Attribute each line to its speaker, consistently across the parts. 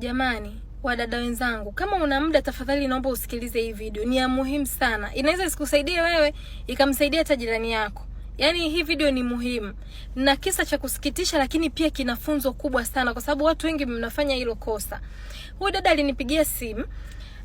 Speaker 1: Jamani wadada wenzangu, kama una muda tafadhali, naomba usikilize hii video, ni ya muhimu sana. Inaweza isikusaidie wewe, ikamsaidia hata jirani yako. Yaani hii video ni muhimu na kisa cha kusikitisha, lakini pia kina funzo kubwa sana, kwa sababu watu wengi mnafanya hilo kosa. Huyu dada alinipigia simu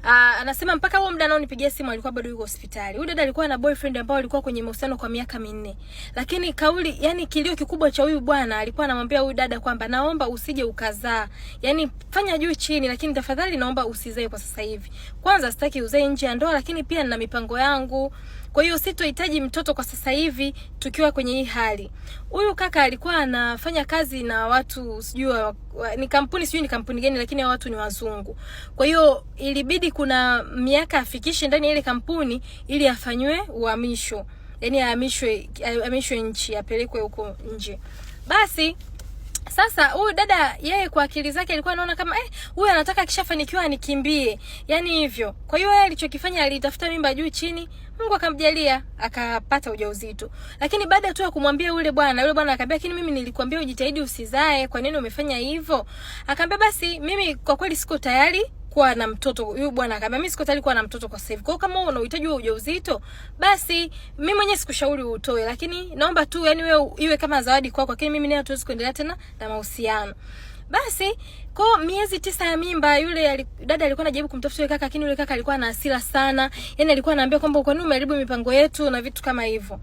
Speaker 1: Ah, anasema mpaka huo muda anaonipigia simu alikuwa bado yuko hospitali. Huyu dada alikuwa na boyfriend ambao alikuwa kwenye mahusiano kwa miaka minne. Lakini kauli, yani kilio kikubwa cha huyu bwana alikuwa anamwambia huyu dada kwamba naomba usije ukazaa. Yani fanya juu chini, lakini tafadhali naomba usizae kwa sasa hivi. Kwanza sitaki uzae nje ya ndoa, lakini pia nina mipango yangu. Kwa hiyo si tuhitaji mtoto kwa sasa hivi tukiwa kwenye hii hali. Huyu kaka alikuwa anafanya kazi na watu sijui ni kampuni sijui ni kampuni gani, lakini watu ni wazungu. Kwa hiyo ilibidi kuna miaka afikishe ndani ya ile kampuni ili afanywe uhamisho, yaani ahamishwe ahamishwe nchi apelekwe huko nje basi sasa huyu dada yeye kwa akili zake alikuwa anaona kama eh, huyu anataka akishafanikiwa anikimbie. yani hivyo. Kwa hiyo yeye alichokifanya alitafuta mimba juu chini, Mungu akamjalia akapata ujauzito. Lakini baada tu ya kumwambia yule bwana, yule bwana akamwambia, "Lakini mimi nilikwambia ujitahidi usizae, kwa nini umefanya hivyo?" Akamwambia, "Basi mimi kwa kweli siko tayari kuwa na mtoto. Huyu bwana akaambia mimi siko tayari kuwa na mtoto kwa sasa hivi. Kwa hiyo kama wewe unahitaji uhitaji ujauzito, basi mimi mwenyewe sikushauri utoe, lakini naomba tu yani wewe iwe kama zawadi kwako, lakini mimi naye hatuwezi kuendelea tena na mahusiano. Basi kwa miezi tisa ya mimba yule dada alikuwa anajaribu kumtafuta yule kaka, lakini yule kaka alikuwa na hasira sana. Yaani alikuwa anaambia kwamba kwa nini umeharibu mipango yetu na vitu kama hivyo.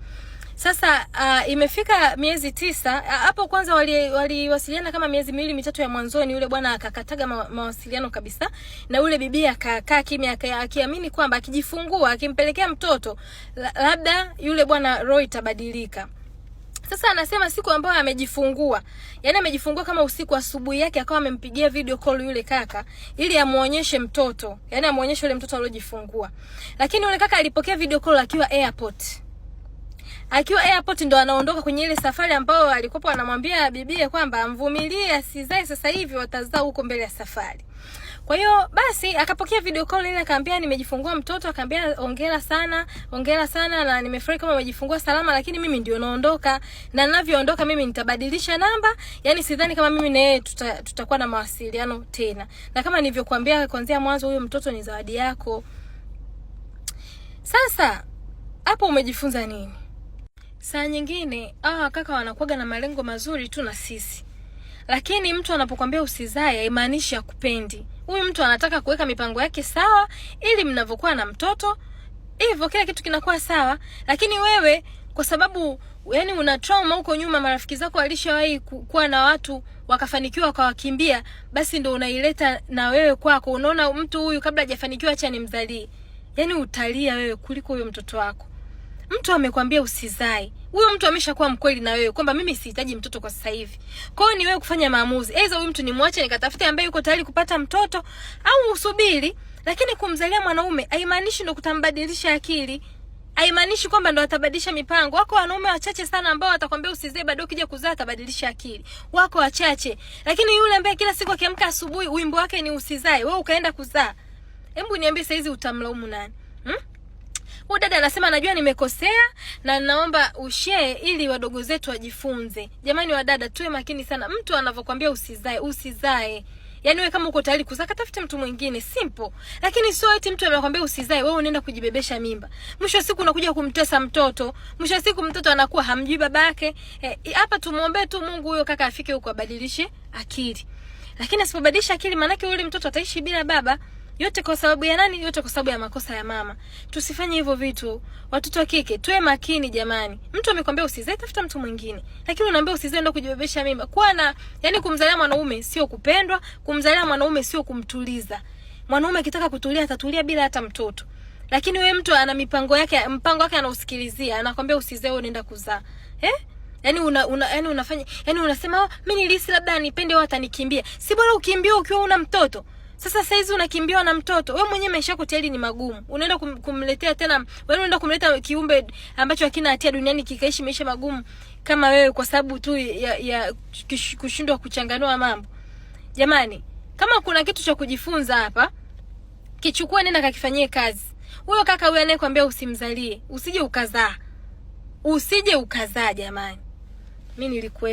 Speaker 1: Sasa uh, imefika miezi tisa uh, hapo. Kwanza waliwasiliana wali kama miezi miwili mitatu ya mwanzoni, yule bwana akakataga ma, mawasiliano kabisa, na yule bibi akakaa kimya, akiamini kwamba akijifungua akimpelekea mtoto labda yule bwana roho itabadilika. Sasa anasema siku ambayo amejifungua, yaani amejifungua kama usiku, asubuhi yake akawa amempigia video call yule kaka ili amuonyeshe mtoto, yaani amuonyeshe yule mtoto aliojifungua, lakini yule kaka alipokea video call akiwa airport akiwa airport ndo anaondoka kwenye ile safari ambayo alikuwa anamwambia bibie kwamba amvumilie asizae sasa hivi watazaa huko mbele ya safari. Kwa hiyo basi akapokea video call ile akaambia nimejifungua mtoto, akaambia hongera sana, hongera sana na nimefurahi kama umejifungua salama, lakini mimi ndio naondoka na ninavyoondoka mimi nitabadilisha namba. Yaani sidhani kama mimi na yeye tuta, tutakuwa na mawasiliano tena. Na kama nilivyokuambia kuanzia mwanzo huyo mtoto ni zawadi yako. Sasa hapo umejifunza nini?
Speaker 2: saa nyingine ah, wakaka wanakuwaga na malengo mazuri tu na sisi, lakini mtu anapokwambia usizae haimaanishi hakupendi. Huyu mtu anataka kuweka mipango yake sawa, ili mnavyokuwa na mtoto hivyo kila kitu kinakuwa sawa, lakini wewe kwa sababu yani una trauma huko nyuma, marafiki zako walishawahi kuwa na watu wakafanikiwa wakawakimbia, basi ndo unaileta na wewe kwako. Unaona mtu huyu kabla hajafanikiwa, acha nimdhalii. Yani utalia wewe kuliko huyo mtoto wako mtu amekwambia usizae, huyo mtu ameshakuwa mkweli na wewe kwamba mimi sihitaji mtoto kwa sasa hivi. Kwa hiyo ni wewe kufanya maamuzi, aidha huyu mtu nimwache nikatafute ambaye yuko tayari kupata mtoto au usubiri. Lakini kumzalia mwanaume haimaanishi ndo kutambadilisha akili, haimaanishi kwamba ndo atabadilisha mipango. Wako wanaume wachache sana ambao watakwambia usizae, baadaye ukija kuzaa atabadilisha akili, wako wachache. Lakini yule ambaye kila siku akiamka asubuhi wimbo wake ni usizae, wewe ukaenda kuzaa, hebu niambie saizi utamlaumu nani? Huyu dada anasema najua nimekosea na naomba ushare ili wadogo zetu wajifunze. Jamani wadada, tuwe makini sana. Mtu anavyokuambia usizae, usizae. Yaani wewe kama uko tayari kuzaa katafute mtu mwingine simple. Lakini sio eti mtu amekwambia usizae, wewe unaenda kujibebesha mimba. Mwisho wa siku unakuja kumtesa mtoto. Mwisho wa siku mtoto anakuwa hamjui babake. Eh, hapa e, tumuombe tu Mungu huyo kaka afike huko abadilishe akili. Lakini asipobadilisha akili maanake yule mtoto ataishi bila baba. Yote kwa sababu ya nani? Yote kwa sababu ya makosa ya mama. Tusifanye hivyo vitu. Watoto wa kike, tuwe makini jamani. Mtu amekwambia usizae, tafuta mtu mwingine. Lakini unaambia usizae ndo kujibebesha mimba. Kwa na yani kumzalia mwanaume sio kupendwa, kumzalia mwanaume sio kumtuliza. Mwanaume akitaka kutulia atatulia bila hata mtoto. Lakini wewe mtu ana mipango yake, mpango wake anausikilizia, anakwambia usizae, unaenda kuzaa. Eh? Yaani una, una yani unafanya yani unasema oh, mimi nilihisi labda anipende au atanikimbia. Si bora ukimbia ukiwa una mtoto. Sasa saizi unakimbiwa na mtoto. we mwenyewe maisha yako tayari ni magumu. Unaenda kum, kumletea tena, wewe unaenda kumleta kiumbe ambacho hakina hatia duniani kikaishi maisha magumu kama wewe kwa sababu tu ya, ya kushindwa kuchanganua mambo. Jamani, kama kuna kitu cha kujifunza hapa, kichukue nenda kakifanyie kazi. Huyo kaka huyo anayekwambia usimzalie, usije ukazaa. Usije ukazaa jamani. mi nilikuwa